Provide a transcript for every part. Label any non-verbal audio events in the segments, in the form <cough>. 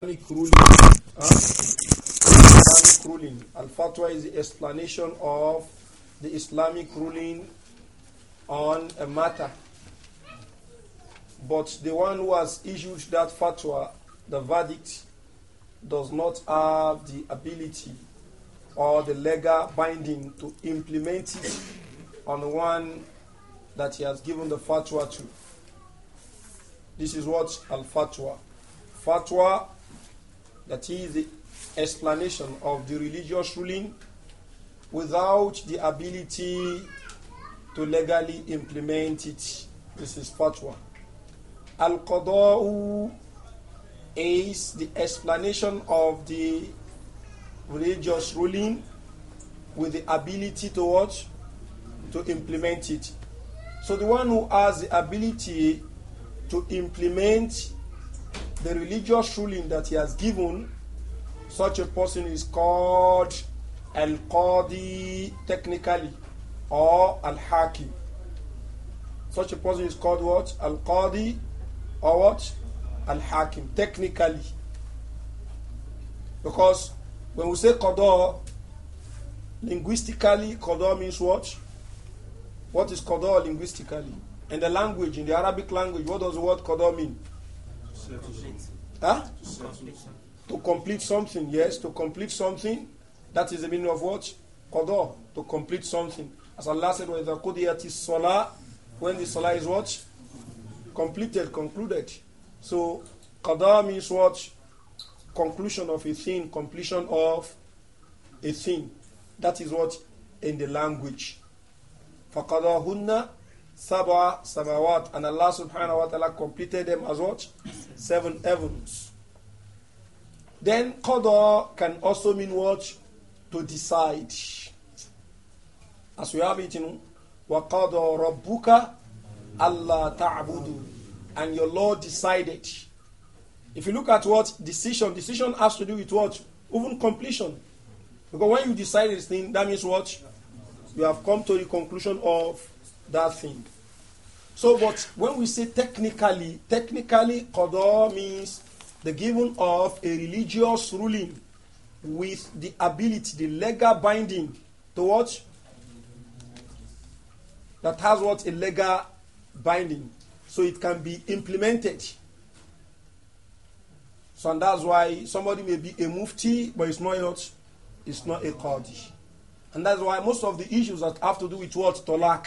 Islamic ruling. Al-Fatwa is the explanation of the Islamic ruling on a matter. But the one who has issued that fatwa, the verdict, does not have the ability or the legal binding to implement it on the one that he has given the fatwa to. This is what al-fatwa. Fatwa that is the explanation of the religious ruling without the ability to legally implement it. This is fatwa. Al Qada'u is the explanation of the religious ruling with the ability to what? To implement it. So the one who has the ability to implement the religious ruling that he has given, such a person is called Al Qadi technically or Al Hakim. Such a person is called what? Al Qadi or what? Al Hakim, technically. Because when we say Qadar, linguistically, Qadar means what? What is Qadar linguistically? In the language, in the Arabic language, what does the word Qadar mean? Huh? To complete something, yes, to complete something. That is the meaning of what? Kada to complete something. As Allah said, وَإِذَا قُضِيَتِ الصَّلَاةِ When the salah is what? Completed, concluded. So, qadar means what? Conclusion of a thing, completion of a thing. That is what in the language. فَقَضَاهُنَّ Sabah, samawat and Allah subhanahu wa ta'ala completed them as what? Seven heavens. Then qada can also mean what? To decide. As we have it in وَقَضَى رَبُّكَ Allah ta'budu. And your Lord decided. If you look at what decision, decision has to do with what? Even completion. Because when you decide this thing, that means what? You have come to the conclusion of that thing. So, but when we say technically, technically, qada means the giving of a religious ruling with the ability, the legal binding to what? That has what? A legal binding. So it can be implemented. So and that's why somebody may be a mufti, but it's not It's not a qadi. And that's why most of the issues that have to do with what? Talak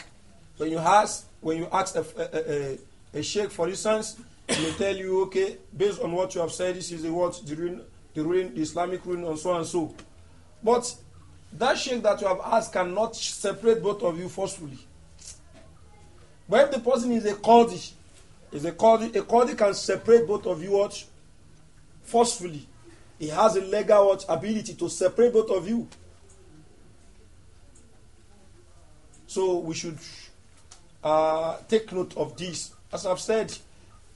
when you ask, when you ask a, a, a, a sheikh, for instance, he will tell you, okay, based on what you have said, this is the what the ruin, the ruin, the Islamic ruin, and so and so. But that sheikh that you have asked cannot separate both of you forcefully. But if the person is a Kurdish, is a Kurdish, a Kurdish can separate both of you what forcefully. He has a legal what, ability to separate both of you. So we should uh, take note of this. As I've said,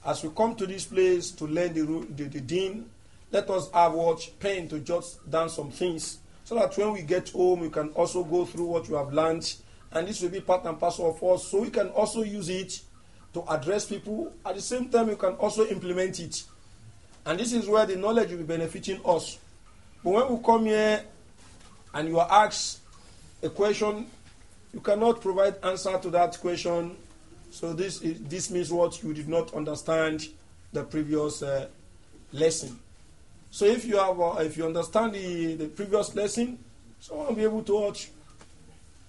as we come to this place to learn the, the, the deen, let us have what pain to jot down some things so that when we get home, we can also go through what we have learned. And this will be part and parcel of us. So we can also use it to address people. At the same time, you can also implement it. And this is where the knowledge will be benefiting us. But when we come here and you are asked a question you cannot provide answer to that question. So this, is, this means what you did not understand the previous uh, lesson. So if you have, uh, if you understand the, the previous lesson, I will be able to watch,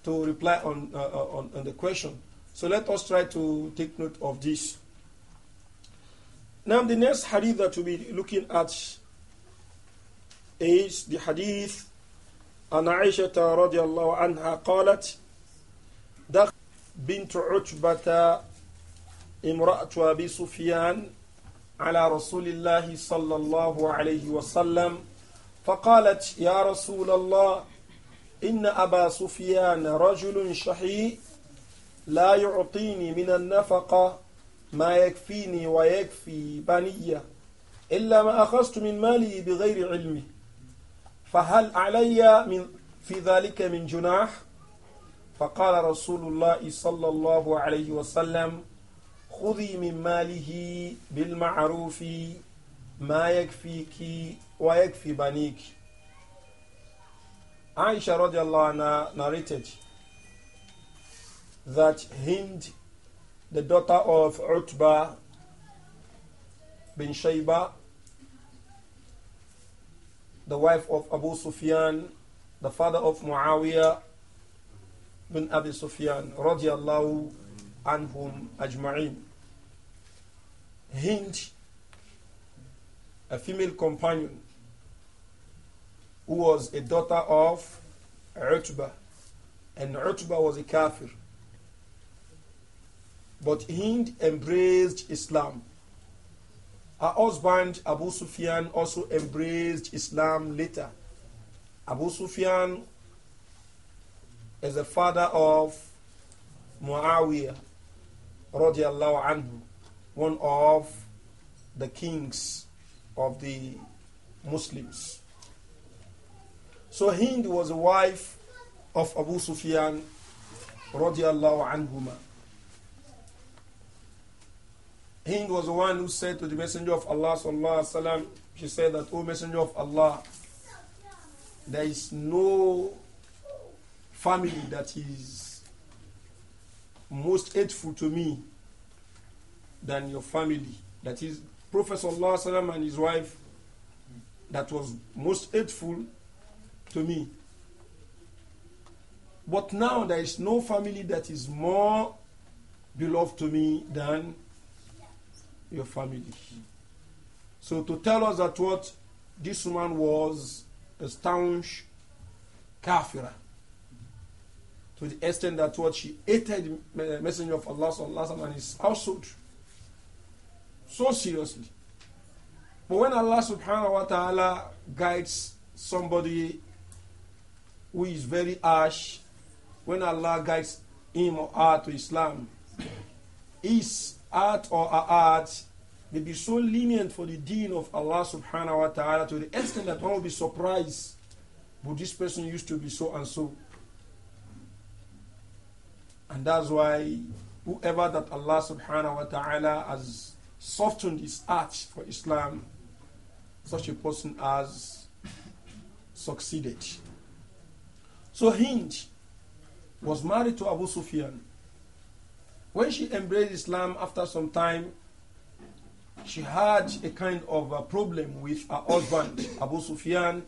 to reply on, uh, uh, on, on the question. So let us try to take note of this. Now the next hadith that we'll be looking at is the hadith عن عائشة رضي الله عنها قالت بنت عتبة امرأة أبي سفيان على رسول الله صلى الله عليه وسلم فقالت يا رسول الله إن أبا سفيان رجل شحي لا يعطيني من النفقة ما يكفيني ويكفي بنية إلا ما أخذت من مالي بغير علمي فهل علي من في ذلك من جناح فقال رسول الله صلى الله عليه وسلم خذي من ماله بالمعروف ما يكفيك ويكفي بنيك عائشة رضي الله عنها narrated that Hind, the daughter of Utba bin Shayba, the wife of Abu Sufyan, the father of Muawiyah, bin Abi Sufyan radiallahu anhum ajma'in. Hind, a female companion who was a daughter of Utbah, and Utbah was a kafir. But Hind embraced Islam. Her husband Abu Sufyan also embraced Islam later. Abu Sufyan is the father of Muawiyah radiallahu anhu, one of the kings of the Muslims. So Hind was a wife of Abu Sufyan radiallahu anhuma. Hind was the one who said to the Messenger of Allah sallallahu alaihi wasallam, she said that, O Messenger of Allah, there is no family that is most hateful to me than your family. That is Prophet Allah and his wife that was most hateful to me. But now there is no family that is more beloved to me than your family. So to tell us that what this woman was a staunch kafira to the extent that what she hated the eh, messenger of Allah وسلم, and his household so seriously. But when Allah subhanahu wa ta'ala guides somebody who is very harsh, when Allah guides him or her to Islam, his heart or her heart may be so lenient for the deen of Allah subhanahu wa ta'ala to the extent that one will be surprised, but this person used to be so and so. And that's why whoever that Allah subhanahu wa ta'ala has softened his heart for Islam, such a person has succeeded. So Hind was married to Abu Sufyan. When she embraced Islam after some time, she had a kind of a problem with her husband, <coughs> Abu Sufyan,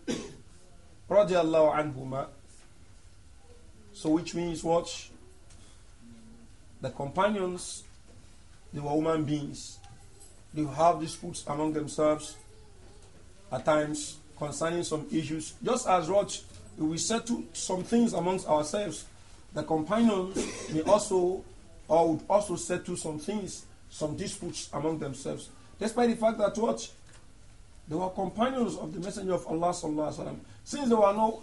radiallahu anhuma. So which means what? The companions, they were human beings. They have disputes among themselves at times concerning some issues. Just as what we settle some things amongst ourselves, the companions may also or would also settle some things, some disputes among themselves. Despite the fact that what they were companions of the Messenger of Allah sallallahu alaihi wasallam. Since they were not,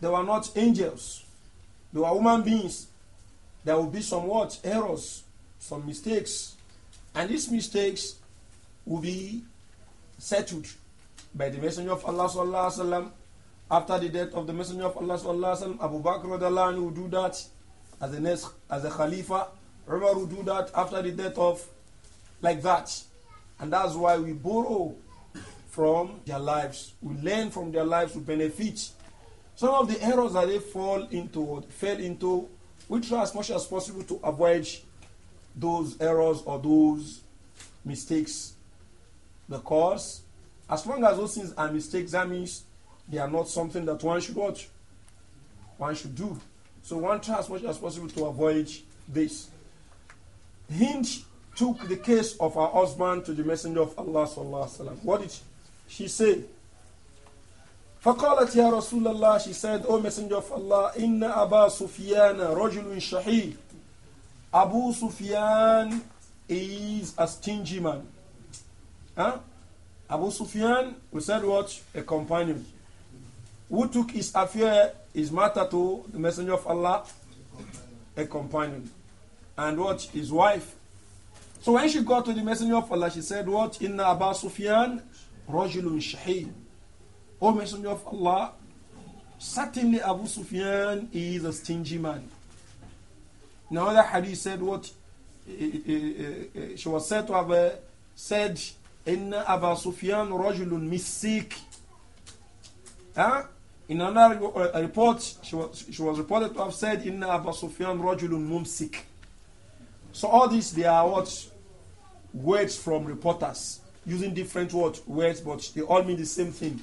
they were not angels, they were human beings there will be some what? Errors, some mistakes. And these mistakes will be settled by the Messenger of Allah sallallahu alaihi wasallam. After the death of the Messenger of Allah sallallahu alaihi wasallam, Abu Bakr radallahu will do that as the next as a Khalifa. Umar will do that after the death of like that, and that's why we borrow from their lives. We learn from their lives. We benefit. Some of the errors that they fall into fell into we try as much as possible to avoid those errors or those mistakes. Because as long as those things are mistakes, that means they are not something that one should watch, one should do. So one try as much as possible to avoid this. Hind took the case of her husband to the Messenger of Allah. What did she say? فقالت يا رسول الله she said O Messenger of Allah إن أبا سفيان رجل شحيح Abu Sufyan is a stingy man huh? Abu Sufyan we said what a companion who took his affair his matter to the Messenger of Allah a companion and what his wife so when she got to the Messenger of Allah she said what "Inna abba Sufyan, rojilun shahid." O Messenger of Allah, certainly Abu Sufyan is a stingy man. Now that hadith said what eh, eh, eh, she was said to have said, "In Abu Sufyan rajulun misik." Huh? In another report, she was, she was reported to have said, "In Abu Sufyan rajulun mumsik." So all these they are what words from reporters using different word, words, but they all mean the same thing.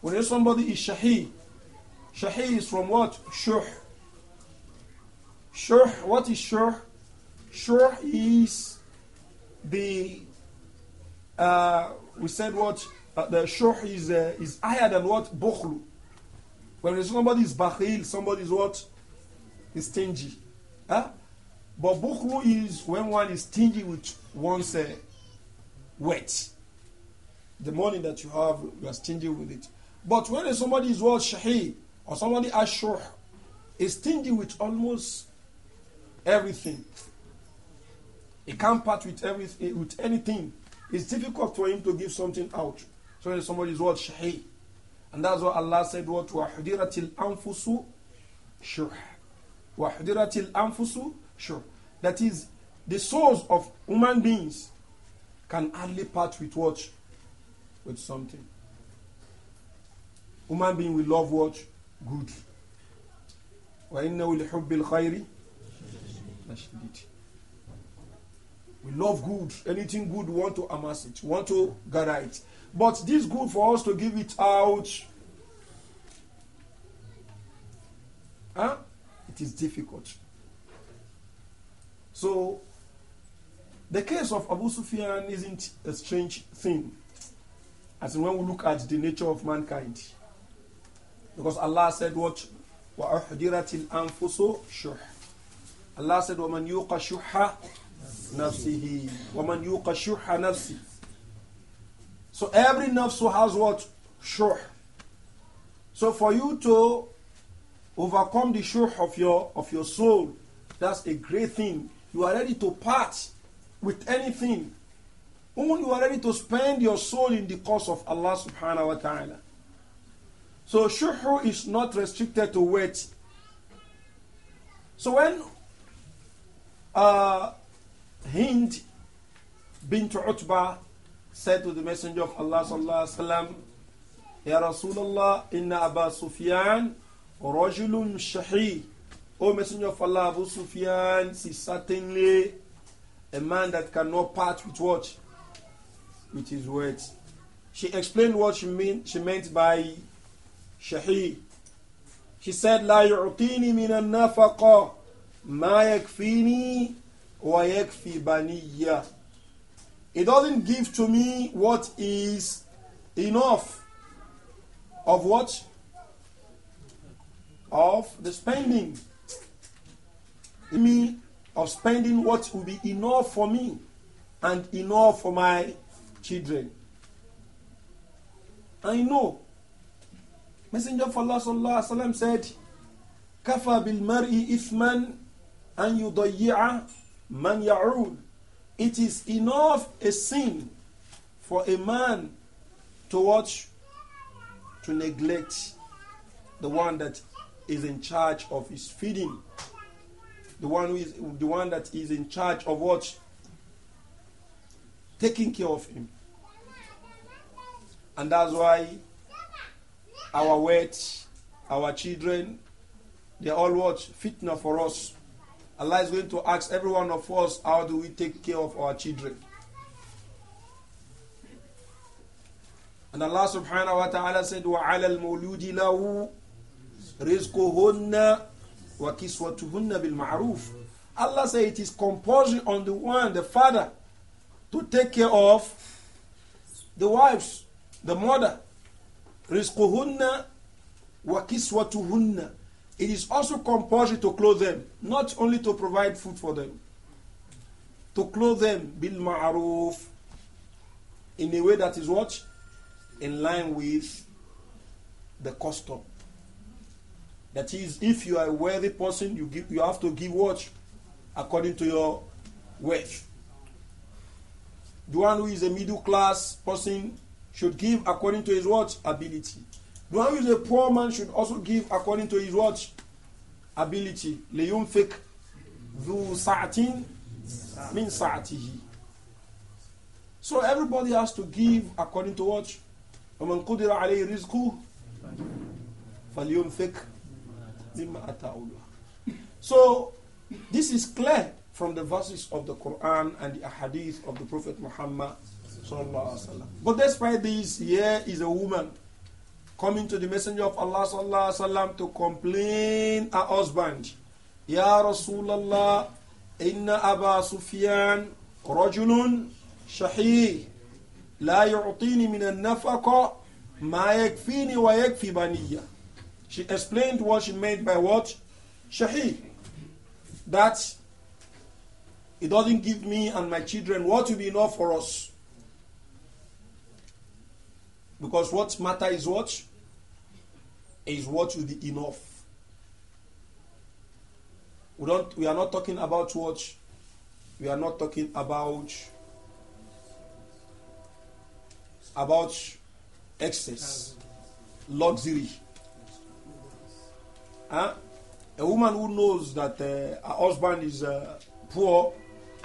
When somebody is shahi, shahi is from what? Shuh. Shuh, what is shuh? Shuh is the, uh, we said what? Uh, the shuh is, uh, is higher than what? Bukhlu. When somebody is bakhil, somebody is what? Is stingy. Huh? But bukhlu is when one is stingy with one's uh, wet. The money that you have, you are stingy with it. But when somebody is called shahi or somebody ashur is stingy with almost everything, he can't part with everything with anything. It's difficult for him to give something out. So when somebody is called shahi, and that's what Allah said what wahudiratil anfusu shurh, Wahudiratil anfusu shurh. That is the souls of human beings can hardly part with what with something. Human being will love what? Good. We love good. Anything good, we want to amass it. We want to gather it. But this good for us to give it out, huh? it is difficult. So, the case of Abu Sufyan isn't a strange thing. As when we look at the nature of mankind. Because Allah said what? وَأُحْدِرَتِ الْأَنفُسُ شُحْ Allah said وَمَنْ يُوقَ شُحَّ نَفْسِهِ وَمَنْ يُوقَ شُحَّ نَفْسِهِ So every nafs has what? Shuh. So for you to overcome the shuh of your, of your soul, that's a great thing. You are ready to part with anything. When you are ready to spend your soul in the cause of Allah subhanahu wa ta'ala. So shuhu is not restricted to weight. So when uh, Hind bint Utbah said to the Messenger of Allah sallallahu alaihi wasallam, Ya Rasulullah, inna Abu Sufyan rajulun shahi. O Messenger of Allah, Abu Sufyan is certainly a man that cannot part with what? With his words. She explained what she, mean, she meant by she said, "He doesn't give to me what is enough of what? Of the spending. Me of spending what will be enough for me and enough for my children. I know Messenger of Allah sallallahu alaihi wasallam said, "Kafa bil mar'i ithman an yudayya man ya'ud." It is enough a sin for a man to watch to neglect the one that is in charge of his feeding, the one who is the one that is in charge of what taking care of him, and that's why our words, our children, they all what? Fitna for us. Allah is going to ask every one of us, how do we take care of our children? And Allah subhanahu wa ta'ala said, وَعَلَى الْمَوْلُودِ لَهُ رِزْقُهُنَّ وَكِسْوَتُهُنَّ بِالْمَعْرُوفِ Allah said it is compulsory on the one, the father, to take care of the wives, the mother wa وكسوتهن it is also compulsory to clothe them, not only to provide food for them. To clothe them bil ma'aruf in a way that is what? In line with the custom. That is, if you are a worthy person, you give you have to give what? According to your wealth. The one who is a middle class person should give according to his what? Ability. The one who is a poor man should also give according to his what? Ability. لِيُنْفِقْ ذُو saatin min saatihi. So everybody has to give according to what? وَمَنْ قُدِرَ عَلَيْهِ رِزْقُهُ فَلْيُنْفِقْ مِمَّا أَتَاهُ So this is clear from the verses of the Quran and the ahadith of the Prophet Muhammad but despite this, here is a woman coming to the Messenger of Allah وسلم, to complain her husband. Ya Rasulallah, inna Aba Sufyan rajulun shahih la yu'tini min an-nafaqa ma yakfini wa yakfi baniya. She explained what she meant by what? Shahih. That it doesn't give me and my children what will be enough for us. Because what matter is what? Is what will be enough. We don't we are not talking about what we are not talking about about excess, luxury. Huh? A woman who knows that uh, her husband is uh, poor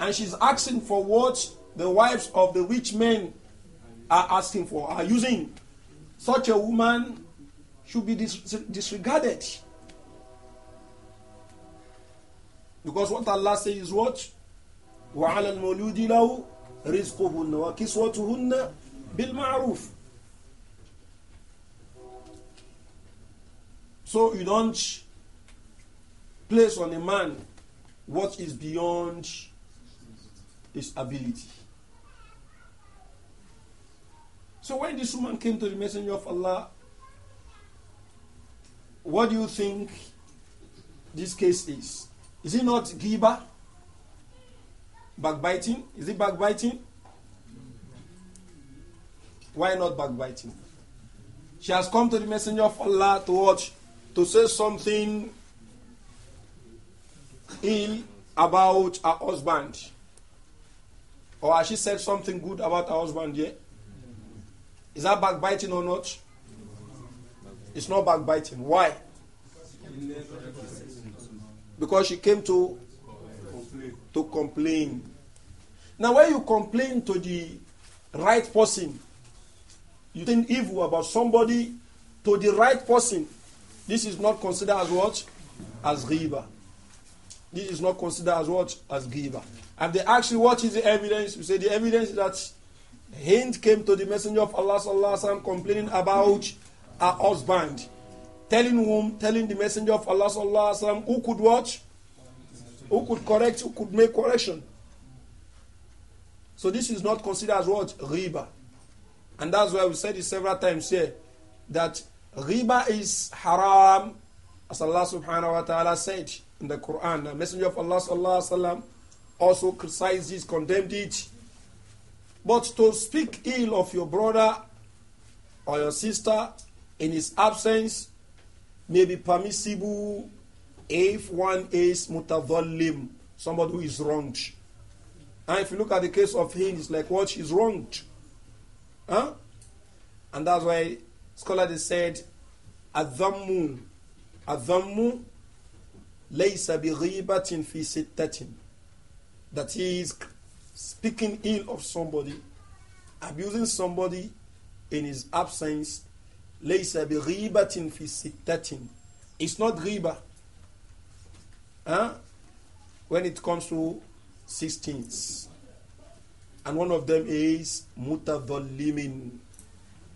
and she's asking for what the wives of the rich men are asking for, are using. Such a woman should be dis disregarded. Because what Allah says is what? وَعَلَى الْمَوْلُودِ لَهُ رِزْقُهُنَّ وَكِسْوَتُهُنَّ بِالْمَعْرُوفِ So you don't place on a man what is beyond his ability. So when this woman came to the messenger of Allah, what do you think this case is? Is it not giba? Backbiting? Is it backbiting? Why not backbiting? She has come to the messenger of Allah to watch, to say something ill about her husband. Or has she said something good about her husband yet? Yeah? Is that backbiting or not? It's not backbiting. Why? Because she came to to complain. Now, when you complain to the right person, you think evil about somebody to the right person. This is not considered as what? As riba. This is not considered as what? As giver. And they ask you what is the evidence, you say the evidence is that Hint came to the messenger of Allah sallallahu alaihi wasallam complaining about her husband, telling whom, telling the messenger of Allah sallallahu alaihi wasallam who could watch, who could correct, who could make correction. So this is not considered as what riba, and that's why we said it several times here that riba is haram, as Allah subhanahu wa taala said in the Quran. The messenger of Allah sallallahu alaihi wasallam also criticized this, condemned it. But to speak ill of your brother or your sister in his absence may be permissible if one is mutadallim, somebody who is wronged. And if you look at the case of him, it's like what he's wronged. Huh? And that's why scholar they said, Adhammu, Adhammu, laysa bi ghibatin fi sittatin. That is speaking ill of somebody, abusing somebody in his absence, ليس بغيبة في ستة. It's not riba. Huh? When it comes to sixteens, And one of them is mutadhallimin,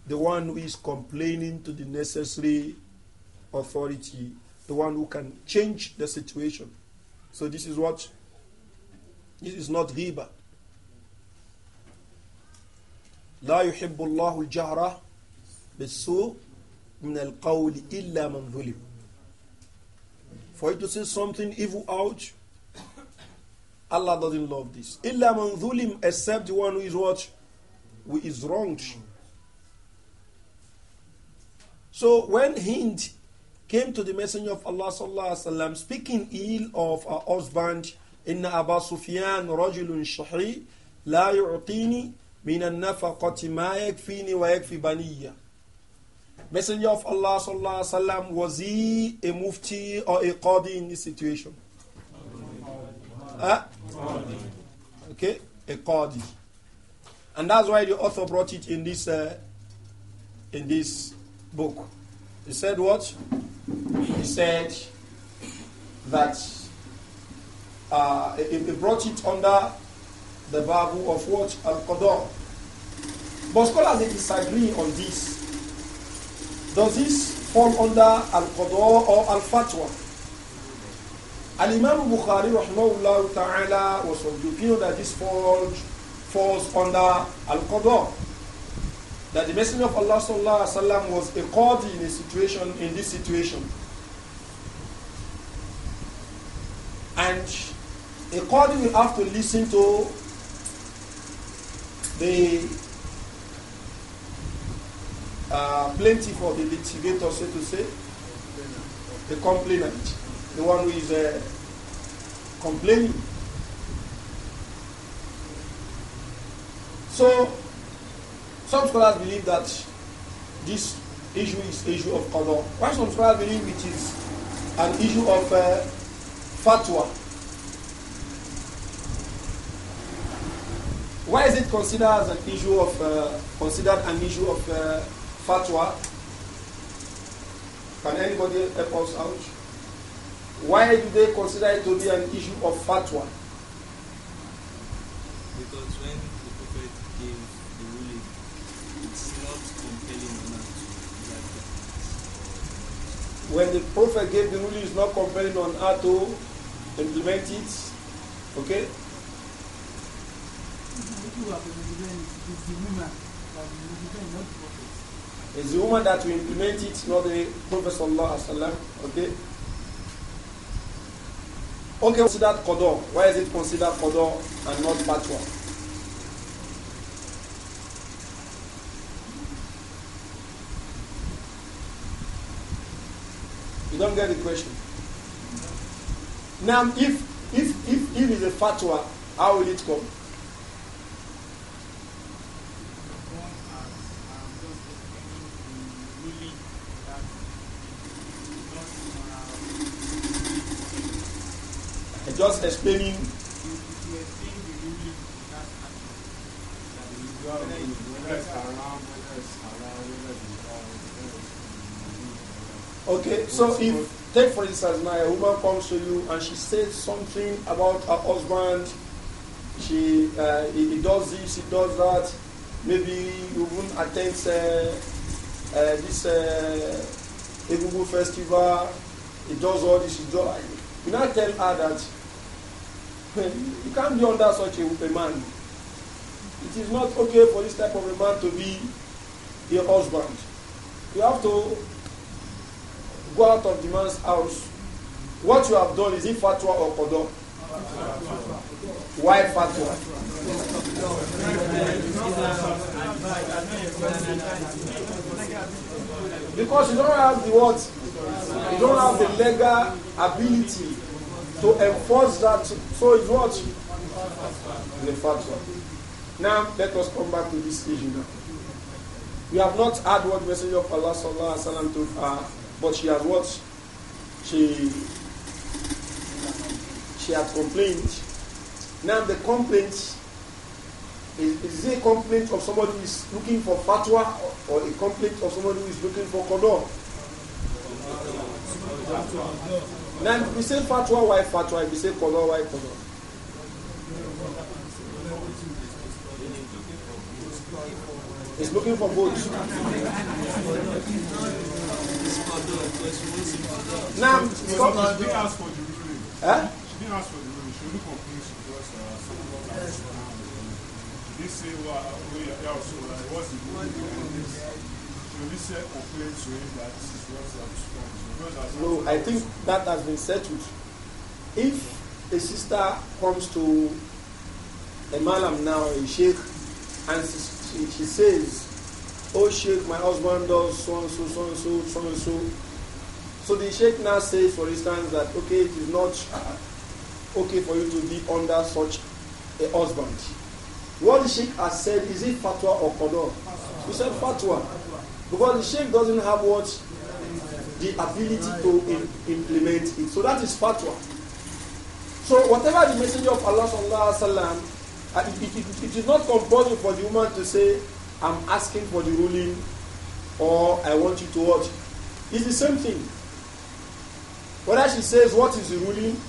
the one who is complaining to the necessary authority, the one who can change the situation. So this is what this is not riba. لا يحب الله الجهر بالسوء من القول إلا من ظلم For you to say something evil out, Allah doesn't love this. إلا من ظلم except the one who is what? Who is wronged. So when Hind came to the messenger of Allah sallallahu alaihi wasallam speaking ill of her husband, إن أبا سفيان رجل شحي لا يعطيني من النفقة ما يكفيني ويكفي بنيّ Messenger of Allah sallallahu alaihi wasallam was he a mufti or a qadi in this situation? Huh? Okay, a qadi, and that's why the author brought it in this uh, in this book. He said what? He said that uh, he brought it under the babu of what al qadar but scholars they disagree on this. Does this fall under al qadwa or al fatwa? Al Imam Bukhari rahmahullah ta'ala was of the opinion that this falls, falls under al qadwa. That the Messenger of Allah sallallahu alaihi wasallam was a qadi in a situation in this situation. And a qadi will have to listen to the uh, plaintiff or the litigator, so to say, the complainant, the one who is uh, complaining. So, some scholars believe that this issue is issue of color. Why some scholars believe it is an issue of uh, fatwa. Why is it considered as an issue of uh, considered an issue of uh, fatwa? Can anybody help us out? Why do they consider it to be an issue of fatwa? Because when the prophet gave the ruling, it's not compelling on us to When the prophet gave the ruling, it's not compelling on us to implement it. Okay? the not is the woman that will implement it, not the Prophet Sallallahu Alaihi Wasallam. Okay? Okay, considered Qador. Why is it considered Qador and not Fatwa? You don't get the question. Now, if if if if it's a fatwa, how will it come? just explaining. Okay, so if, take for instance, now a woman comes to you and she says something about her husband, she uh, he, he, does this, he does that, maybe even attends uh, uh, this uh, festival, he does all this, he does. You know, tell her that you can't be under such a, a man. It is not okay for this type of a man to be your husband. You have to go out of the man's house. What you have done is it fatwa or kodo? Why fatwa? Because you don't have the what? You don't have the legal ability to enforce that. So it's what? The fatwa. Now, let us come back to this issue now. We have not had what Messenger of Allah sallallahu alaihi wasallam to her, but she has what? She she has complained. Now the complaint is, is a complaint of somebody who is looking for fatwa or a complaint of somebody who is looking for qadar? Now, we say fatwa, why fatwa? we say color, why color? He's looking for votes. now, She didn't ask for the ruling. She didn't ask for the ruling. She only complained things because some of us they say well, we are also So what's the meaning of this? So we say complain to him that this is what's I'm strong. No, I think that has been settled. If a sister comes to a malam now, a sheikh, and she, she says, Oh, sheikh, my husband does so and so, so and so, so and so. So the sheikh now says, for instance, that okay, it is not okay for you to be under such a husband. What the sheikh has said, is it fatwa or qadr? He said fatwa. Because the sheikh doesn't have what the ability to implement it. So that is fatwa. So whatever the messenger of Allah sallallahu alaihi wasallam, uh, it is not compulsory for the woman to say, "I'm asking for the ruling," or "I want you to watch." It's the same thing. Whether she says what is the ruling,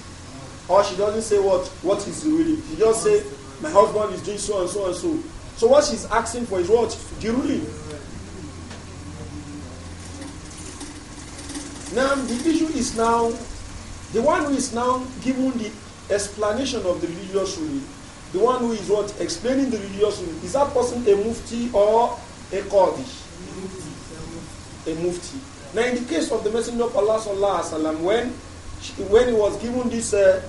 or she doesn't say what what is the ruling, she just say, "My husband is doing so and so and so." So what she's asking for is what the ruling. Now, the issue is now the one who is now giving the explanation of the religious ruling. the one who is what explaining the religious ruling is that person a mufti or a qadi? A mufti. Now, in the case of the Messenger of Allah sallam, when when he was given this uh,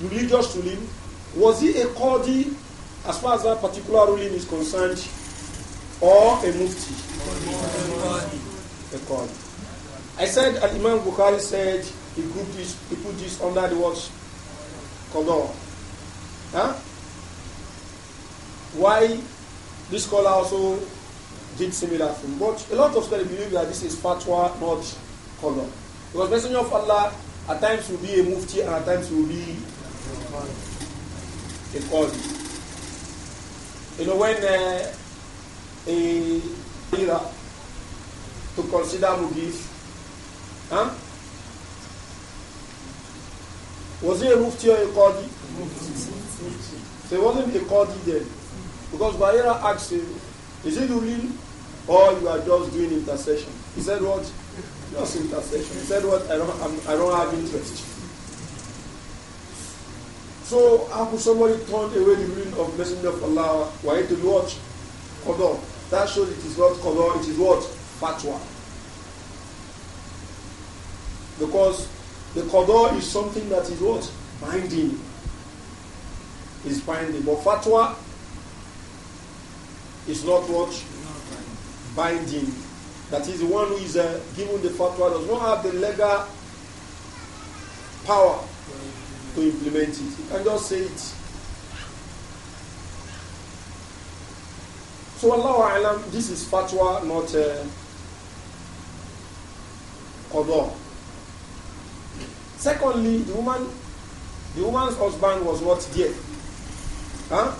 religious ruling, was he a qadi as far as that particular ruling is concerned, or a mufti? A qadi. I said Al Imam Bukhari said he grouped this, he put this under the word Qadar. Huh? Why this scholar also did similar thing. But a lot of scholars believe that this is fatwa, not Qadar. Because Messenger of Allah at times will be a mufti and at times will be a qadi. You know, when uh, a leader to consider Mugif Huh? Was he a mufti or a qadi? so he wasn't a qadi then. Because Bahira asked him, is it you real or you are just doing intercession? He said what? Just intercession. He said what? I don't, i do not have interest. So how could somebody turned away the ruling of Messenger of Allah? Why to watch? Qadar. That shows it is not Qadar, it is what? Fatwa. Because the qadar is something that is what? Binding. Is binding. But fatwa is not what? Binding. That is the one who is uh, given the fatwa does not have the legal power to implement it. You can just say it. So Allah Alam, this is fatwa, not uh, Secondly, the woman, the woman's husband was not there. Huh?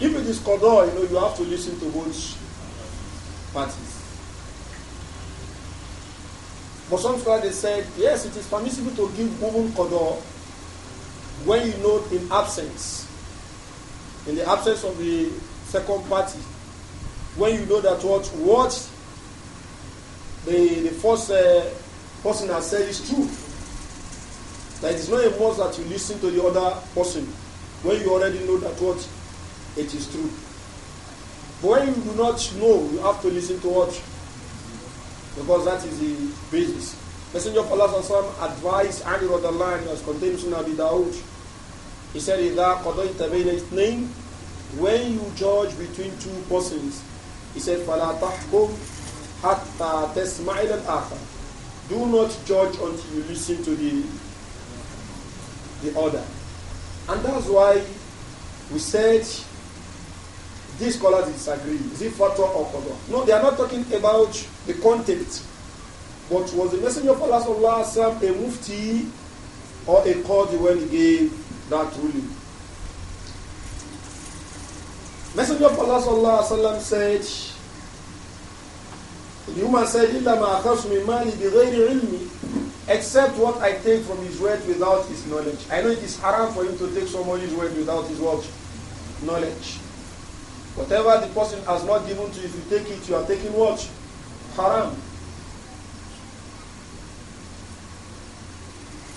If it is Qadar, you know, you have to listen to both parties. But some scholars they said, yes, it is permissible to give woman Qadar when you know in absence, in the absence of the second party, when you know that what what the, the first uh, person has said is true. That it is not a must that you listen to the other person when you already know that what it is true. But when you do not know, you have to listen to what? Because that is the basis. Messenger of Allah advised Ali line as contained in Abi Dawud. He said, When you judge between two persons, he said, فَلَا تَحْكُمْ hatta تَسْمَعِ الْآخَرِ Do not judge until you listen to the the other. And that's why we said these scholars disagree. Is it fatwa or qadwa? No, they are not talking about the content. But was the Messenger of Allah sallallahu a mufti or a qadi when he gave that ruling? Messenger of Allah sallallahu said, the human said, إِلَّا مَا أَخَذْتُ مِنْ مَالِي بِغَيْرِ عِلْمِ except what I take from his word without his knowledge. I know it is haram for him to take somebody's word without his what? Knowledge. Whatever the person has not given to you, if you take it, you are taking what? Haram.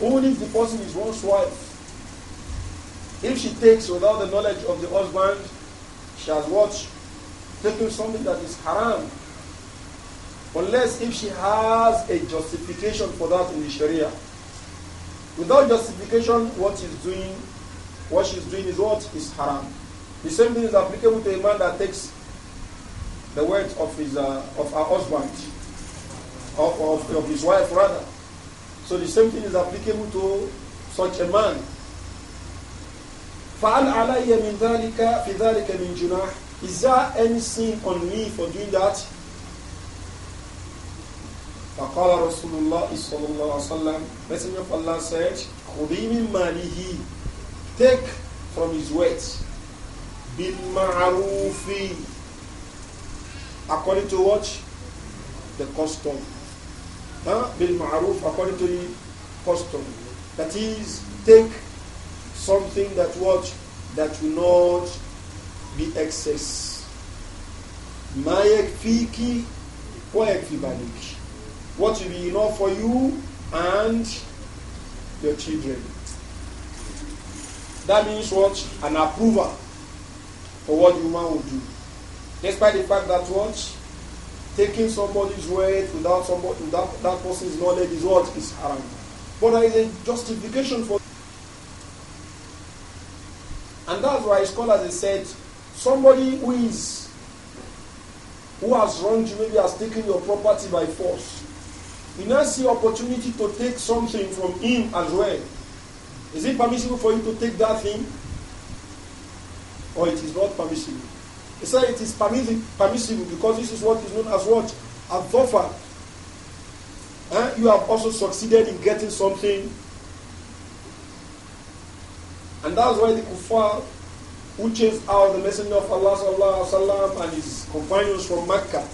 Even if the person is one's wife, if she takes without the knowledge of the husband, she has what? taking something that is haram unless if she has a justification for that in the Sharia. Without justification, what she's doing, what she's doing is what is haram. The same thing is applicable to a man that takes the words of his uh, of her husband, of, of, of his wife rather. So the same thing is applicable to such a man. فَعَلْ عَلَيَّ مِنْ ذَلِكَ فِي ذَلِكَ مِنْ جُنَاحٍ Is there any sin on me for doing that? فقال رسول الله صلى الله عليه وسلم Messenger of Allah said خذي من ماله take from his wealth بالمعروف according to what the custom huh? بالمعروف according to the custom that is take something that what that will not be excess ما يكفيك ويكفي بالك what will be enough for you and your children. That means what? An approval for what the woman will do. Despite the fact that what? Taking somebody's word without somebody without that person's knowledge is what is haram. But there is a justification for and that's why scholars have said somebody who is who has wronged you, maybe has taken your property by force you now see opportunity to take something from him as well. Is it permissible for you to take that thing? Or it is not permissible? He said it is permissible because this is what is known as what? A buffer. Eh? You have also succeeded in getting something. And that's why the kuffar who chased out the messenger of Allah sallallahu alaihi wasallam and his companions from Mecca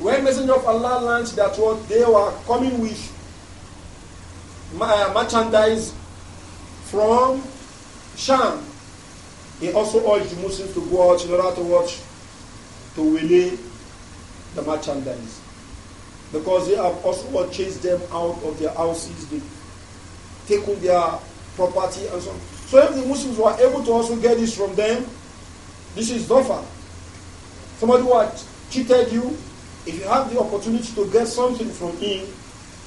when Messenger of Allah launched that what they were coming with uh, merchandise from Sham. He also urged Muslims to go out in order to watch, to relay the merchandise. Because they have also chased them out of their houses, they taken their property and so on. So if the Muslims were able to also get this from them, this is Dofa. Somebody who had cheated you, if you have the opportunity to get something from him,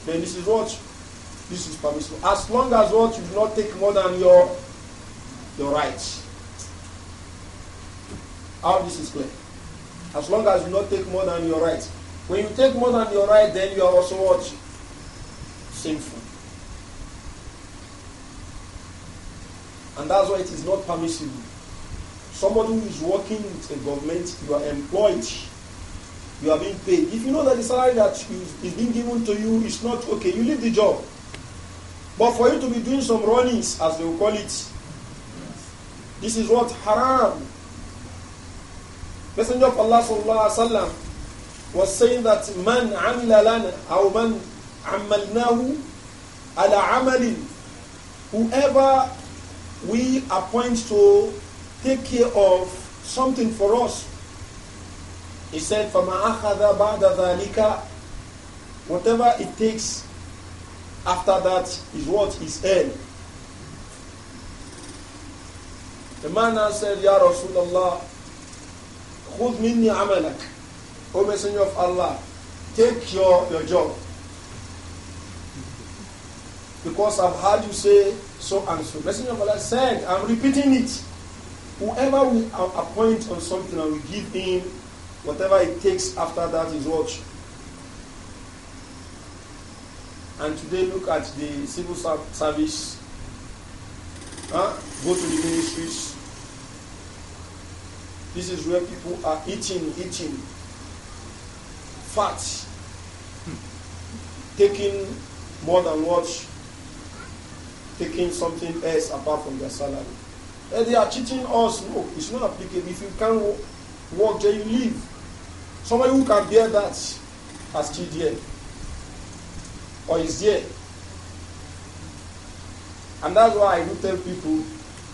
then this is what this is permissible. As long as what you do not take more than your your rights. How this is clear. As long as you not take more than your rights. When you take more than your right, then you are also what? Sinful. And that's why it is not permissible. Somebody who is working with a government, you are employed you are being paid. If you know that the salary that is being given to you is not okay, you leave the job. But for you to be doing some runnings, as they will call it, this is what haram. Messenger of Allah sallallahu alaihi wasallam was saying that man amila lana aw man amalnahu ala amalin whoever we appoint to take care of something for us he said, Whatever it takes after that is what is earned. The man answered, said, Ya Rasulullah, khud minni amalak." O Messenger of Allah, take your, your job. Because I've heard you say so and so. Messenger of Allah said, I'm repeating it. Whoever we appoint on something and we give him Whatever it takes after that is what. And today, look at the civil service. Huh? Go to the ministries. This is where people are eating, eating, fat, taking more than what, taking something else apart from their salary. And they are cheating us. No, it's not applicable. If you can work then you leave. Somebody who can bear that has still there or is there. And that's why I do tell people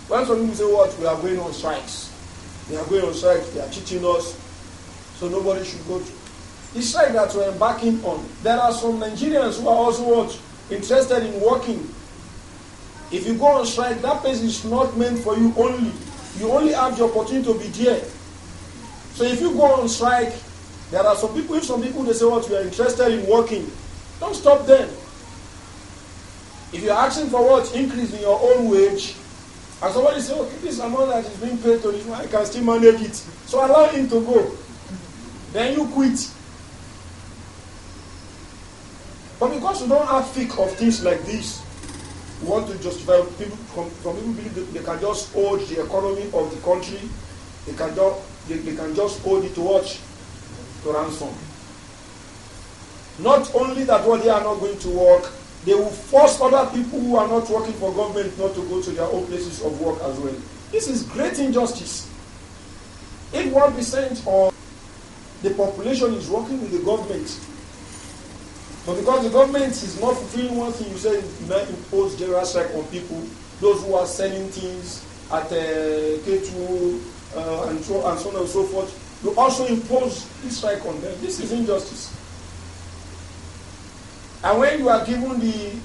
when some people say, What? We are going on strikes. They are going on strikes. They are cheating us. So nobody should go to. The strike that we're embarking on, there are some Nigerians who are also what? Interested in working. If you go on strike, that place is not meant for you only. You only have the opportunity to be there. So if you go on strike, there are some people, if some people they say what you are interested in working, don't stop them. If you're asking for what? Increase in your own wage. And somebody say, okay, this amount that is being paid to you, I can still manage it. So allow him to go. Then you quit. But because you don't have thick of things like this, we want to justify people from, from people believe they can just hold the economy of the country, they can just they, they can just hold it to watch to ransom. Not only that what they are not going to work, they will force other people who are not working for government not to go to their own places of work as well. This is great injustice. If one percent of the population is working with the government, but because the government is not fulfilling one thing, you said, you now impose general strike on people, those who are selling things at uh, K2 uh, and, so, and so on and so forth, you also impose this strike on them. This is injustice. And when you are given the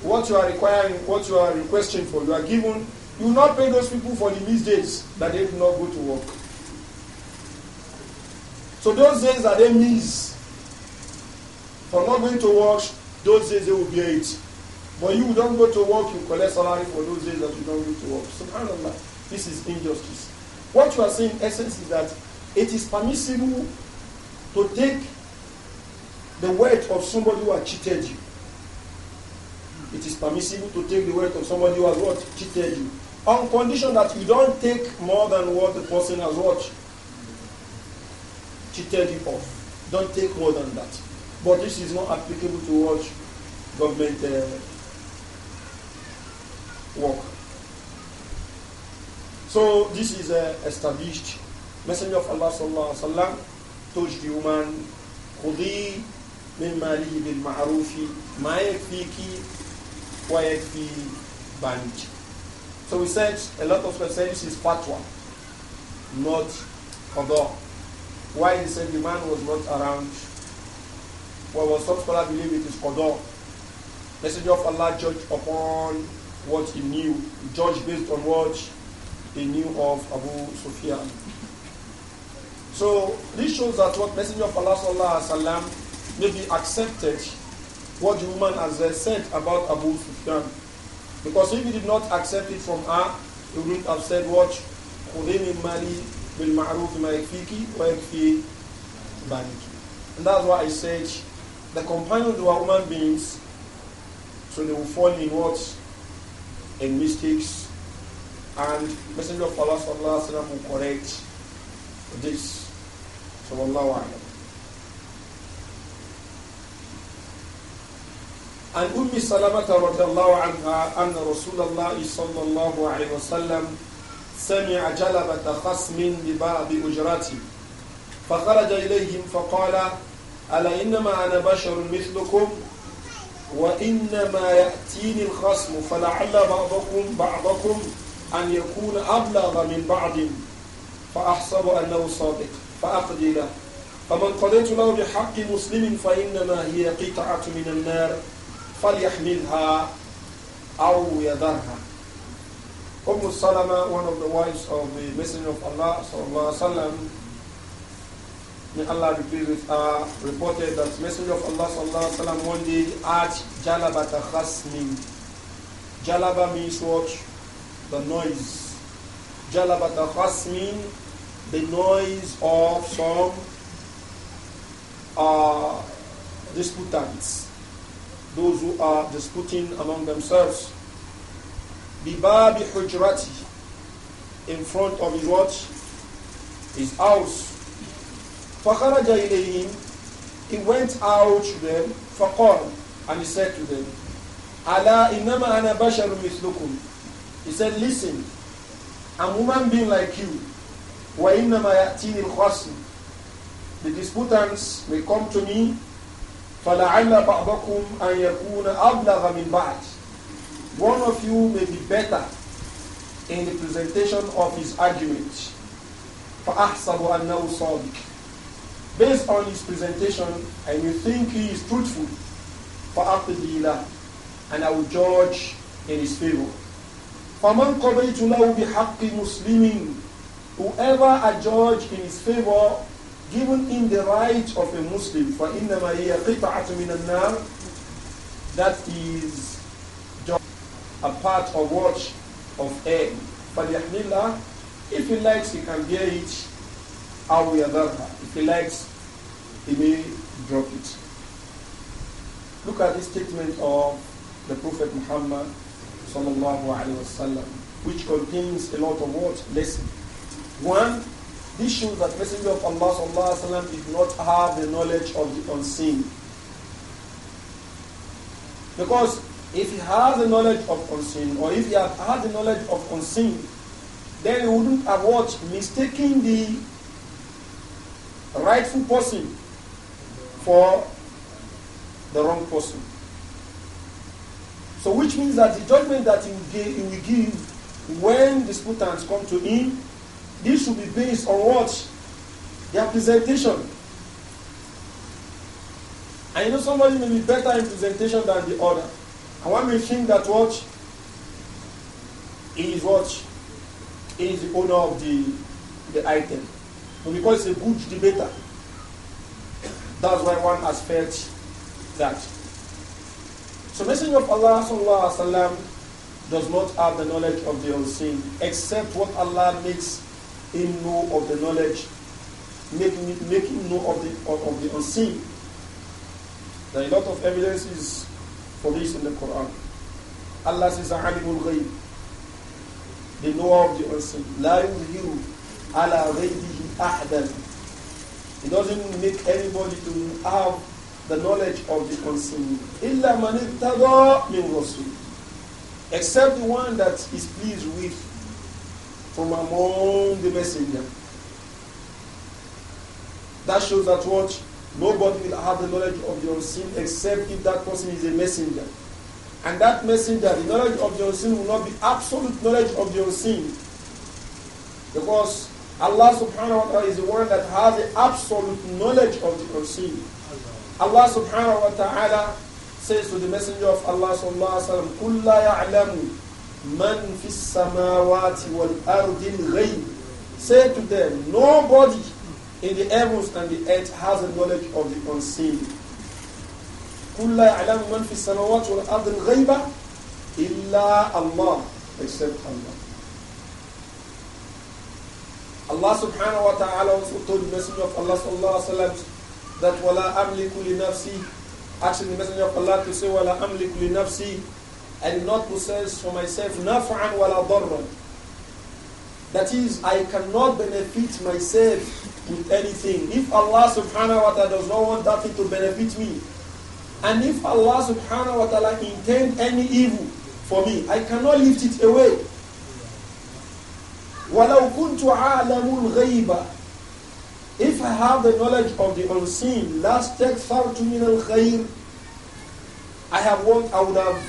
what you are requiring, what you are requesting for, you are given, you will not pay those people for the missed days that they do not go to work. So those days that they miss for not going to work, those days they will be it. But you don't go to work, you collect salary for those days that you don't go to work. SubhanAllah, this is injustice. What you are saying, in essence, is that it is permissible to take the word of somebody who has cheated you. It is permissible to take the word of somebody who has what? Cheated you. On condition that you don't take more than what the person has what? Cheated you of. Don't take more than that. But this is not applicable to what government uh, work. So this is a established. Messenger of Allah sallallahu alaihi wasallam told the woman, خذي من ماله بالمعروف ما يكفيك ويكفي بنج. So we said a lot of people say this is fatwa, not qadha. Why he said the man was not around? Well, was some scholar believe it is qadha. Messenger of Allah judged upon what he knew, judged based on what they knew of Abu Sufyan. So this shows that what Messenger of Allah sallallahu alaihi wasallam accepted what the woman has uh, said about Abu Sufyan, because if he did not accept it from her, he wouldn't have said what Khudini Mali bil Ma'ruf ma wa baniki. And that's why I said the companions were human beings, so they will fall in what? In mistakes And Messenger of Allah sallallahu alayhi wa sallam will correct this. Sallallahu Allah alayhi. عن أم سلمة رضي الله عنها أن رسول الله صلى الله عليه وسلم سمع جلبة خصم بباب أجرته فخرج إليهم فقال ألا إنما أنا بشر مثلكم وإنما يأتيني الخصم فلعل بعضكم بعضكم أن يكون أبلغ من بعض فأحسب أنه صادق فأقضي له فمن قضيت له بحق مسلم فإنما هي قطعة من النار فليحملها أو يذرها Umm Salama, one of the wives of the Messenger of Allah وسلم, may Allah be pleased with her, reported that Messenger of Allah وسلم, one day at Jalaba means what? the noise. Jalabata khasmin, the noise of some uh, disputants, those who are disputing among themselves. Bibabi hujrati, in front of his what? His house. فَخَرَجَ إِلَيْهِمْ He went out to them, فَقَالَ And he said to them, أَلَا إِنَّمَا ana بَشَرٌ مِثْلُكُمْ he said, listen, a woman being like you. وَإِنَّمَا يَأْتِينِ الْخَصْمِ The disputants may come to me فَلَعَلَّ بَعْضَكُمْ أَنْ يَكُونَ أَبْلَغَ مِنْ بَعْدِ One of you may be better in the presentation of his argument. فَأَحْسَبُ أَنَّهُ صَادِقٌ Based on his presentation, and you think he is truthful, فَأَقْدِي لَهُ And I will judge in his favor. فَمَنْ قَضَيْتُ لَهُ بِحَقِّ مُسْلِمٍ Whoever a judge in his favor, given him the right of a Muslim, فَإِنَّمَا هِيَ قِطَعَةٌ مِنَ النَّارِ That is just a part of watch of air. فَلْيَحْمِلَّهُ If he likes, he can bear it. If he likes, he may drop it. Look at this statement of the Prophet Muhammad وسلم, which contains a lot of what? Lesson. One, this shows that Messenger of Allah وسلم, did not have the knowledge of the unseen. Because if he has the knowledge of unseen, or if he had had the knowledge of unseen, then he wouldn't have what? mistaking the rightful person for the wrong person. So which means that the judgment that he will give, he will give when disputants come to him, this should be based on what? Their presentation. And you know somebody may be better in presentation than the other. And one may think that what what he is, he is the owner of the, the item. But because he's a good debater, that's why one has felt that. So Messenger of Allah sallallahu Wa wasallam does not have the knowledge of the unseen, except what Allah makes him know of the knowledge, making make him know of the of, of the unseen. There are a lot of evidences for this in the Quran. Allah says, "Alimul Ghayb," the knower of the unseen. La yuzhiru ala ghaybihi ahadan. He doesn't make anybody to have the knowledge of the concealed. إِلَّا مَنِ اتَّضَى مِنْ Except the one that is pleased with from among the messenger. That shows that what? Nobody will have the knowledge of the unseen except if that person is a messenger. And that messenger, the knowledge of the unseen will not be absolute knowledge of the unseen. Because Allah subhanahu wa ta'ala is the one that has the absolute knowledge of the unseen. Allah subhanahu wa ta'ala says to the messenger of Allah sallallahu alaihi wasallam قُلْ لَا يَعْلَمُ مَنْ فِي السَّمَاوَاتِ وَالْأَرْضِ الْغَيْبِ Say to them, nobody in the heavens and the earth has a knowledge of the unseen. قُلْ لَا يَعْلَمُ مَنْ فِي السَّمَاوَاتِ وَالْأَرْضِ الْغَيْبَ إِلَّا اللَّهِ Except Allah. Allah سبحانه وتعالى ta'ala also told the messenger of Allah صلى الله عليه وسلم that wala amliku li nafsi. Actually, the Messenger of Allah to say wala amliku li nafsi. I do not possess for myself naf'an wala darran. That is, I cannot benefit myself with anything. If Allah subhanahu wa ta'ala does not want that thing to benefit me, and if Allah subhanahu wa ta'ala intend any evil for me, I cannot lift it away. وَلَوْ كُنْتُ عَالَمُ الْغَيْبَ if I have the knowledge of the unseen, last to min al khair, I have what I would have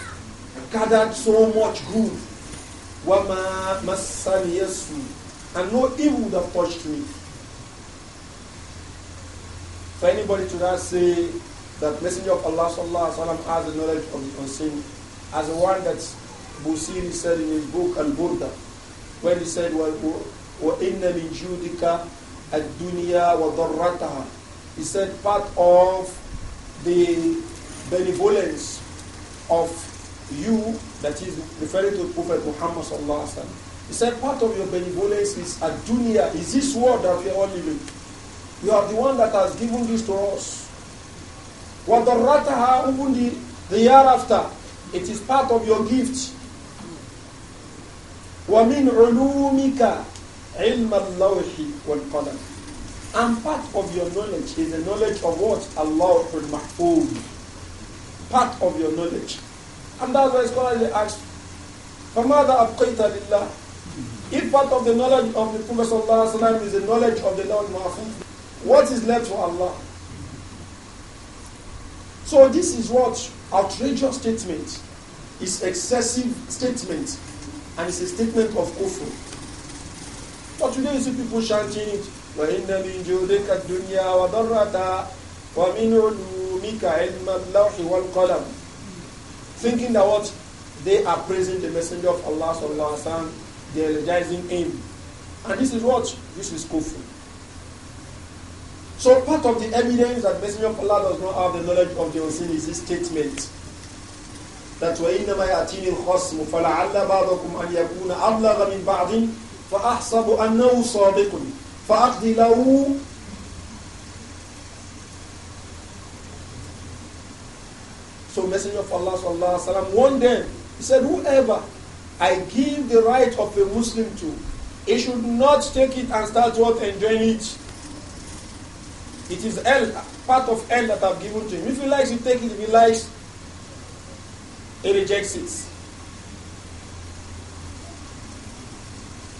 gathered so much good. Wama massan yasu, and no evil would have touched me. For anybody to that say that Messenger of Allah sallallahu alaihi wasallam has the knowledge of the unseen, as the one that Busiri said in his book Al Burda, when he said, "Wa inna min judika الدنيا وضرتها he said part of the benevolence of you that is referring to Prophet Muhammad sallallahu alaihi wasallam he said part of your benevolence is a dunya is this world that we are all living you are the one that has given this to us وَضَرَّتَهَا ubundi the year after it is part of your gift وَمِنْ عُلُومِكَ علم اللوح والقلم and part of your knowledge is the knowledge of what Allah will mahfuz part of your knowledge and that's why scholars ask فماذا أبقيت لله if part of the knowledge of the Prophet sallallahu alaihi wasallam is the knowledge of the Lord mahfuz what is left for Allah so this is what outrageous statement is excessive statement and it's a statement of kufr but today you see people chanting it. وَإِنَّ مِنْ جُودِكَ الدُّنْيَا وَضَرَّتَا وَمِنْ عُلُومِكَ عِلْمَ اللَّوْحِ وَالْقَلَمِ Thinking that what? They are praising the messenger of Allah sallallahu alaihi wasallam, they are elegizing him. And this is what? This is kufr. So part of the evidence that messenger of Allah does not have the knowledge of the unseen is this statement that وَإِنَّمَا يَأْتِينِ الْخَصْمُ فَلَعَلَّ بَعْضَكُمْ أَنْ يَكُونَ أَبْلَغَ مِنْ بَعْضٍ فأحسب أنه صادق فأقضي له So Messenger of Allah sallallahu alaihi wasallam warned them. He said, whoever I give the right of a Muslim to, he should not take it and start what enjoying it. It is hell, part of hell that I've given to him. If he likes, he takes it. If he likes, he rejects it.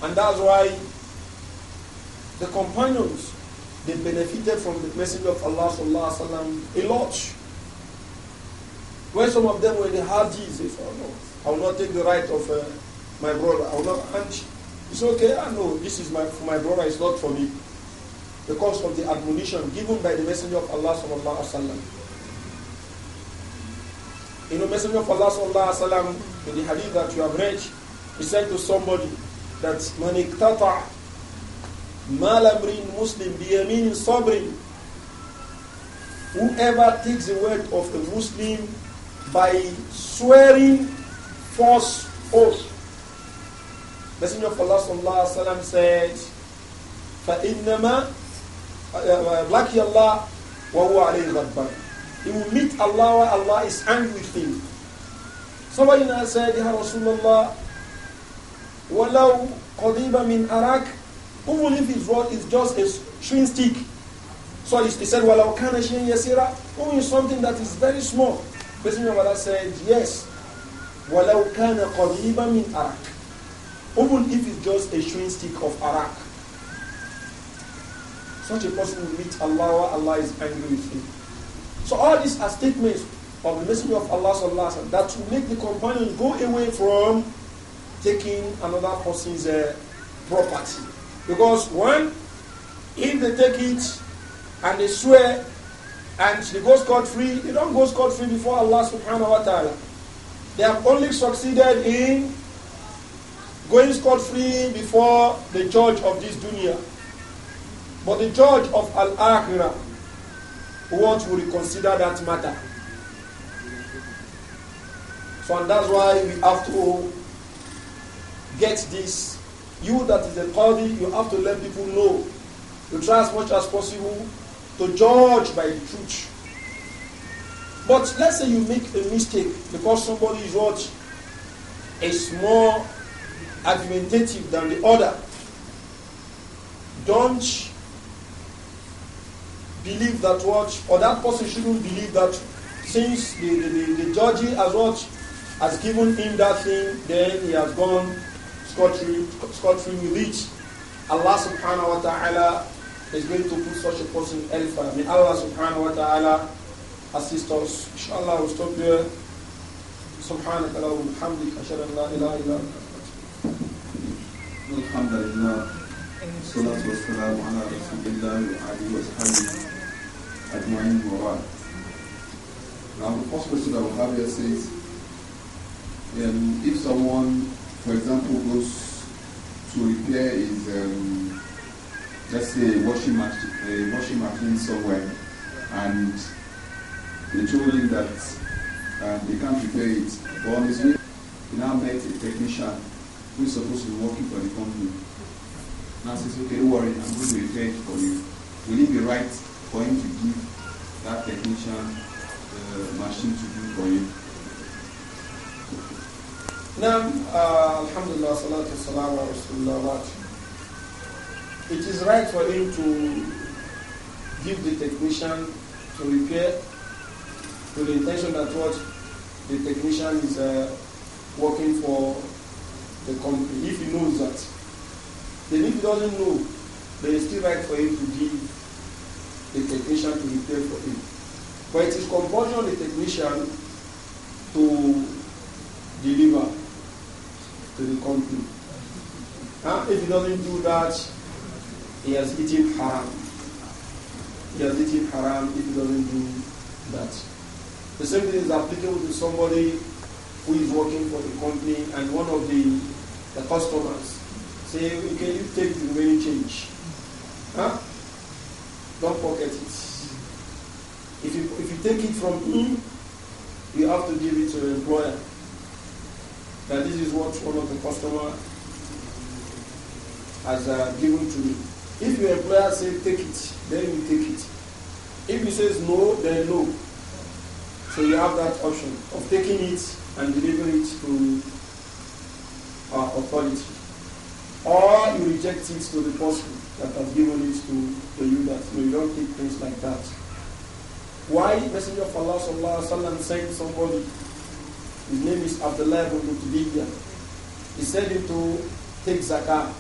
And that's why the companions, they benefited from the Messenger of Allah وسلم, a lot. When some of them were the Hadis, they said, oh no, I will not take the right of uh, my brother. I will not, and it's okay, I ah, know this is my, for my brother, it's not for me. Because of the admonition given by the Messenger of Allah sallallahu alaihi wasallam. You know, Messenger of Allah sallallahu alaihi wasallam, in the hadith that you have read, he said to somebody, that man iqtata mal amrin muslim bi yamin sabrin whoever takes the word of a muslim by swearing false oath messenger of allah sallallahu alaihi wasallam said فإنما لقي الله وهو عليه غضبان He will meet Allah while Allah is angry with him. Somebody now said, Ya Rasulullah, Walau qadiba min arak, even if his rod is just a chewing stick. So he said, Walau kana shayin Who is even something that is very small. Messenger of Allah said, yes, walau kana qadiba min arak. Even if it's just a chewing stick of arak. Such a person will meet Allah, Allah is angry with him. So all these are statements of the Messenger of Allah sallallahu that will make the companions go away from taking another person's uh, property. Because when, if they take it and they swear and they go scot-free, they don't go scot-free before Allah subhanahu wa ta'ala. They have only succeeded in going scot-free before the judge of this dunya. But the judge of Al-Akhirah, what will reconsider that matter? So and that's why we have to get this. You that is a party. you have to let people know. You try as much as possible to judge by the truth. But let's say you make a mistake because somebody is what is more argumentative than the other. Don't believe that what or that person shouldn't believe that since the, the, the, the judge has what has given him that thing, then he has gone scot-free, scot-free with it. Allah subhanahu wa ta'ala is going to put such a person in hellfire. May Allah subhanahu wa ta'ala assist us. Inshallah, we'll stop there. سبحانك اللهم وبحمدك أشهد أن لا إله إلا أنت الحمد لله والصلاة والسلام على رسول الله وعلى وصحبه أجمعين وبعد Now the first question that will have here says, um, if someone for example, goes to repair is, um, let's say, washing machine, a washing machine somewhere, and they told him that um, they can't repair it. But on his way, he now met a technician who is supposed to be working for the company. Now says, okay, don't worry, I'm going to repair it for you. Will it be right for him to give that technician the uh, machine to do for you? Nam, uh, Alhamdulillah, salatu salam wa rasulullah. It is right for him to give the technician to repair to the intention that what the technician is uh, working for the company. If he knows that. Then if he doesn't know, there is it's still right for him to give the technician to repair for him. But it is compulsion the technician to deliver to the company. if he doesn't do that, he has eaten haram. He has eaten haram if he doesn't do that. The same thing is applicable to somebody who is working for the company and one of the, the customers say, okay, you take the remaining change. Huh? Don't pocket it. If you, if you take it from him, you have to give it to the employer that this is what one of the customer has uh, given to me. If your employer says take it, then you take it. If he says no, then no. So you have that option of taking it and delivering it to our authority. Or you reject it to the person that has given it to, to you that you don't take things like that. Why Messenger of Allah sallam, sent somebody his name is Abdullah ibn Qutbiyya. He said him to take zakah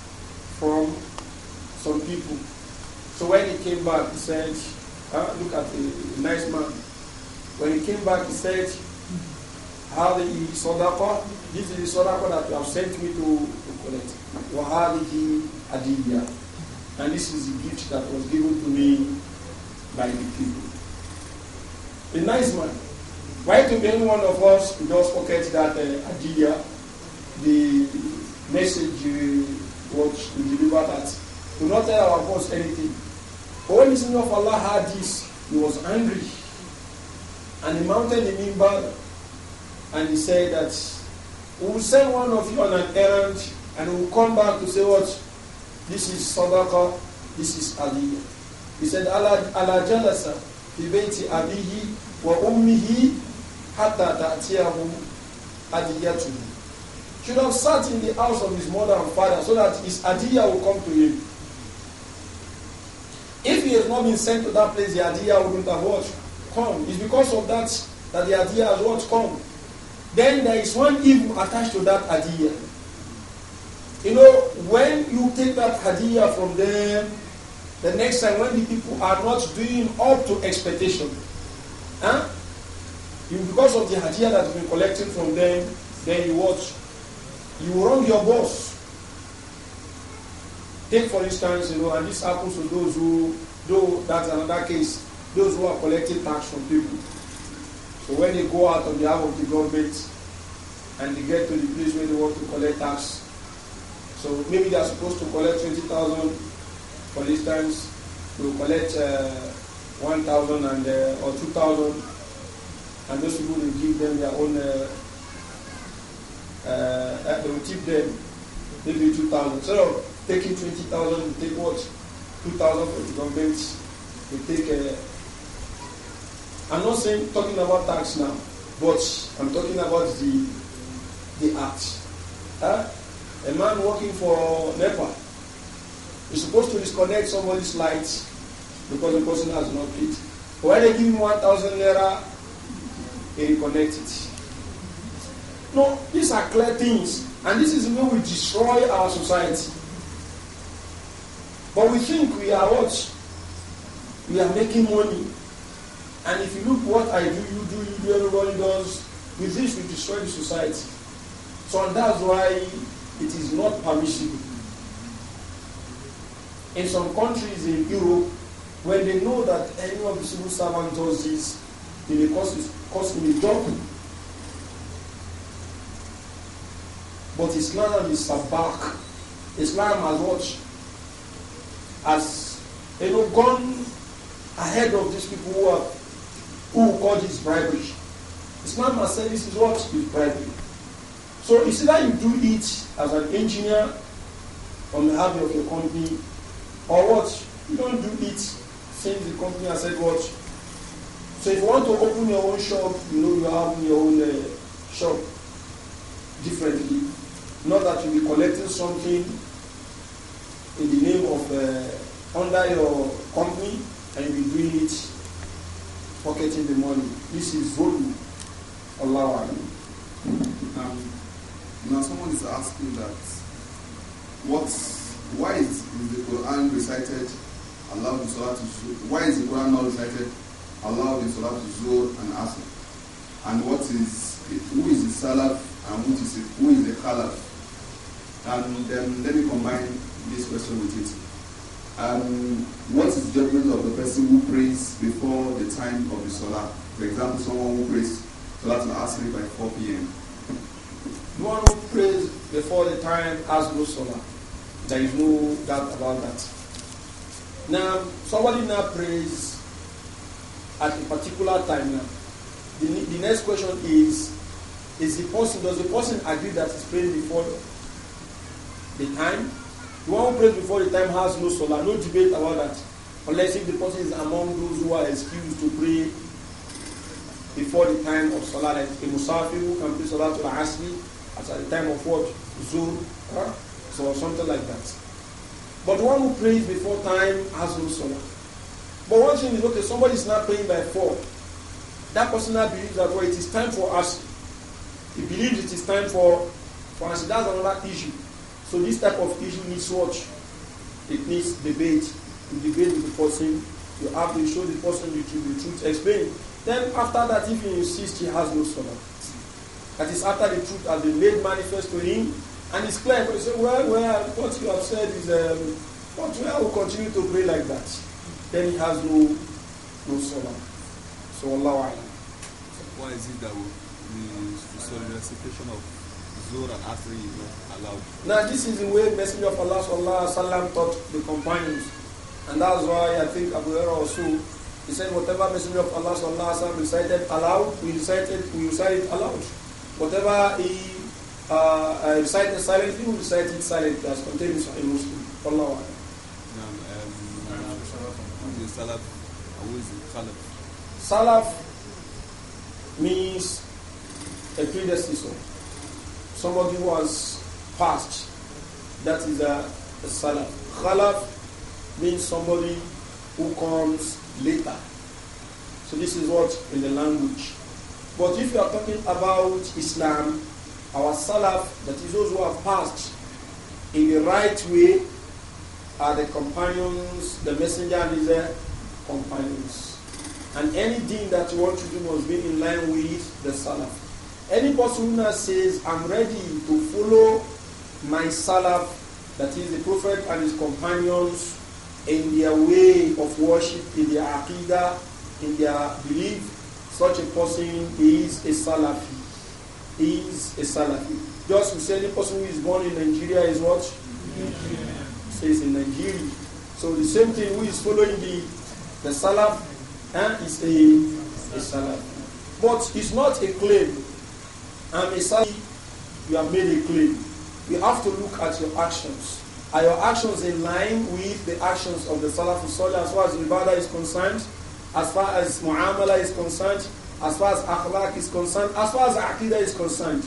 from some people. So when he came back, he said, ah, look at the nice man. When he came back, he said, "How the صدقة This is the صدقة that you have sent me to, to collect. وهذه هدية And this is the gift that was given to me by the people. A nice man. Why to any one of us just forget that uh, idea, the message you what to deliver that? Do not tell our boss anything. But when the Messenger of Allah heard this, he was angry. And he mounted the mimbar and he said that we will send one of you on an errand and we will come back to say what? This is Sadaqah, this is Aliyah. He said, Allah, Allah Jalasa, fi abihi wa ummihi should have sat in the house of his mother and father so that his adiyah will come to him. If he has not been sent to that place, the adiyah wouldn't have what? Come. It's because of that that the adiyah has what? Come. Then there is one evil attached to that adiyah. You know, when you take that adiyah from them, the next time when the people are not doing up to expectation, huh? because of the hajia that you've been collecting from them, then you watch. You wrong your boss. Take for instance, you know, and this happens to those who, though that's another case, those who are collecting tax from people. So when they go out on behalf of the government and they get to the place where they want to collect tax, so maybe they are supposed to collect 20,000, for instance, to collect uh, 1,000 and uh, or 2,000 and those people will give them their own, uh, uh, uh they will tip them maybe 2,000. So taking 20,000, they take what? 2,000 for the government. They take, uh, I'm not saying, talking about tax now, but I'm talking about the, the act. Huh? A man working for NEPA is supposed to disconnect somebody's lights because the person has not paid. Why they give him 1,000 naira he reconnect it. No, these are clear things, and this is when we destroy our society. But we think we are what? We are making money. And if you look what I do, you do, you do, everybody does, with this we destroy the society. So that's why it is not permissible. In some countries in Europe, when they know that any of the civil servants does this, they may cause cost him a job. But Islam is a back. Islam has what? Has you know gone ahead of these people who are who call this bribery. Islam has said this is what is bribery. So it's either you do it as an engineer on behalf of your company, or what? You don't do it since the company has said what so if you want to open your own shop, you know you have your own uh, shop differently. Not that you'll be collecting something in the name of uh, under your company and you'll be doing it, pocketing the money. This is Zulu. Allah. Um, now someone is asking that what why is, is the Quran recited Allah why is the Quran not recited allowed in Salat Zuhr and Asr? And what is it? Who is the Salaf and who is, it, who is the Khalaf? And then let me combine this question with it. Um, what is the judgment of the person who prays before the time of the Salah? For example, someone who prays Salat al-Asr by 4 p.m. No one who prays before the time has no salah. There is no doubt about that. Now, somebody now prays at a particular time now. The, the next question is, is the person, does the person agree that he's praying before the time? The one who prays before the time has no solar, no debate about that. Unless if the person is among those who are excused to pray before the time of salah, like a musafir who can pray salah to the at the time of what? Zuhr, huh? so something like that. But the one who prays before time has no salah. But one thing is, okay, somebody is not praying by four. That person now believes that, well, it is time for us. He believes it is time for, for us. That's another issue. So this type of issue needs watch. It needs debate. You debate with the person. You have to show the person the truth, the truth explain. Then after that, if he insists, he has no stomach. That is after the truth has been made manifest to him, and it's clear. But you say, well, well, what you have said is, um, what well, I will continue to pray like that then he has no no salah. So Allah so Why is it that we, the recitation of Zuhr and Asr is not allowed? Now this is the way Messenger of Allah sallallahu alaihi wasallam taught the companions, and that's why I think Abu Hurairah also he said whatever Messenger of Allah sallallahu alaihi wasallam recited aloud, we recited we recite it aloud. Whatever he uh, uh, recited silently, we recite it silently as contained in Muslim. Allah. Salaf and who is Khalaf? Salaf means a predecessor. Somebody who has passed. That is a, a Salaf. Khalaf means somebody who comes later. So this is what in the language. But if you are talking about Islam, our Salaf, that is those who have passed in the right way are the companions, the messenger and his uh, companions. And any that you want to do must be in line with the Salaf. Any person who now says, I'm ready to follow my Salaf, that is the Prophet and his companions, in their way of worship, in their aqidah, in their belief, such a person is a Salafi. He is a Salafi. Just to say, any person who is born in Nigeria is what? says in Nigeria. So the same thing who is following the, the Salaf eh, is a, a Salaf. But it's not a claim. I'm a Salafi, you have made a claim. You have to look at your actions. Are your actions in line with the actions of the Salaf Salih as far as Ibadah is concerned, as far as Mu'amala is concerned, as far as Akhlaq is concerned, as far as Aqidah is concerned?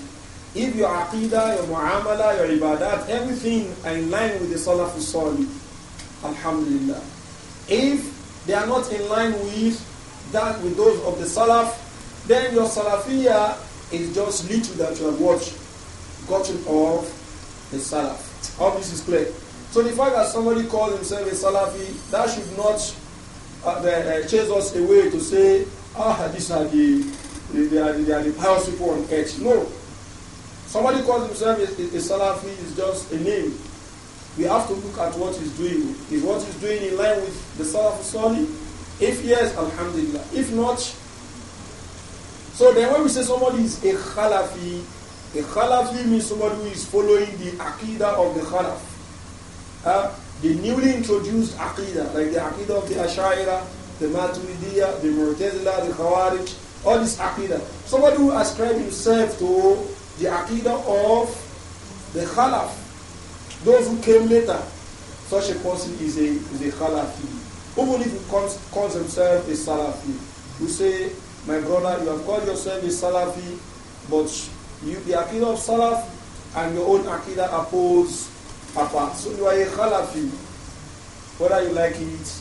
if your aqidah, your mu'amala, your ibadat, everything are in line with the salafus salih, alhamdulillah. If they are not in line with that, with those of the salaf, then your salafiyah is just little that you have watched, gotten of the salaf. All this is clear. So the fact that somebody calls himself a salafi, that should not uh, uh, uh chase us away to say, ah, these are the, they, are, the, they are the pious people on earth. No. Somebody calls himself a, a, a Salafi is just a name. We have to look at what he's doing. Is what he's doing in line with the Salafi Sunni, If yes, Alhamdulillah. If not, so then when we say somebody is a Khalafi, a Khalafi means somebody who is following the Aqidah of the Khalaf. Uh, the newly introduced Aqidah, like the Aqidah of the Ash'ara, the Maturidiyah, the Mu'tazila, the Khawarij, all this Aqidah. Somebody who ascribes himself to the aqidah of the Khalaf, those who came later. Such a person is a, is a Khalafi. Even if he calls, calls himself a Salafi, you say, my brother, you have called yourself a Salafi, but you, the aqidah of Salaf and your own aqidah oppose poles apart. So you are a Khalafi, whether you like it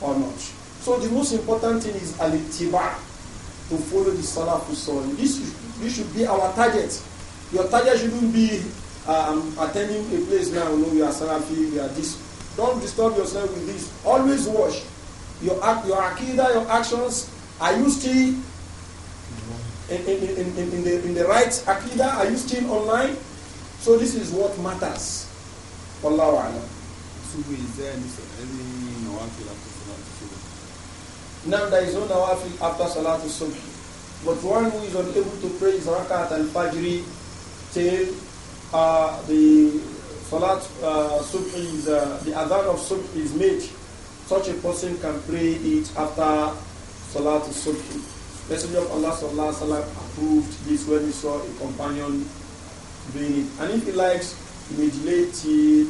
or not. So the most important thing is al to follow the Salafus Salih. This, this should be our target. Your target shouldn't be, um, attending a place now, no, you are Salafi, you are this. Don't disturb yourself with this. Always watch your act, your akida, your actions. Are you still in, in, in, in, the, in the right akida? Are you still online? So this is what matters. Wallahu alam. is there any, any nawafil after Salatul Subh? Now there is no nawafil after Salatul Subh. But one who is unable to pray is rakat and fajri till uh, the Salat uh, Subh is, uh, the Adhan of Subh is made, such a person can pray it after Salat Subh. Messenger of Allah Sallallahu Alaihi Wasallam approved this when he saw a companion doing it. And if he likes, he may delay till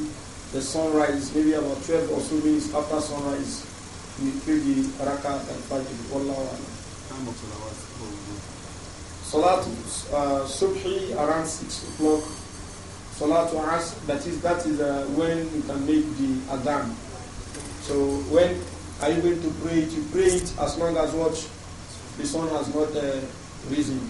the sunrise, maybe about 12 or so minutes after sunrise, he pray the Rakat and Fajr. the Alam. Salat uh, Subhi around 6 o'clock. Salat Asr, that is, that is uh, when you can make the Adhan. So when are you going to pray it? You pray it as long as what the sun has not uh, risen.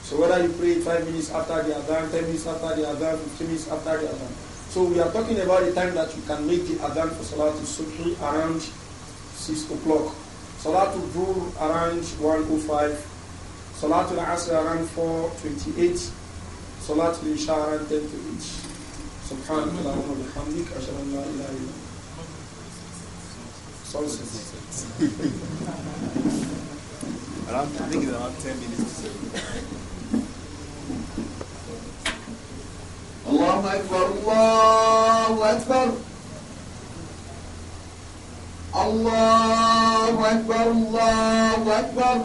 So whether you pray 5 minutes after the Adhan, 10 minutes after the Adhan, 15 minutes after the Adhan. So we are talking about the time that you can make the Adhan for Salat Subhi around 6 o'clock. Salat Dhuhr around one o oh five. Salatul Asr around 4.28, Salatul Isha around 10 to 8. Subhanallah bihamdik, ashhadu an la ilaha illa I think it's about 10 minutes to أكبر الله أكبر الله أكبر الله أكبر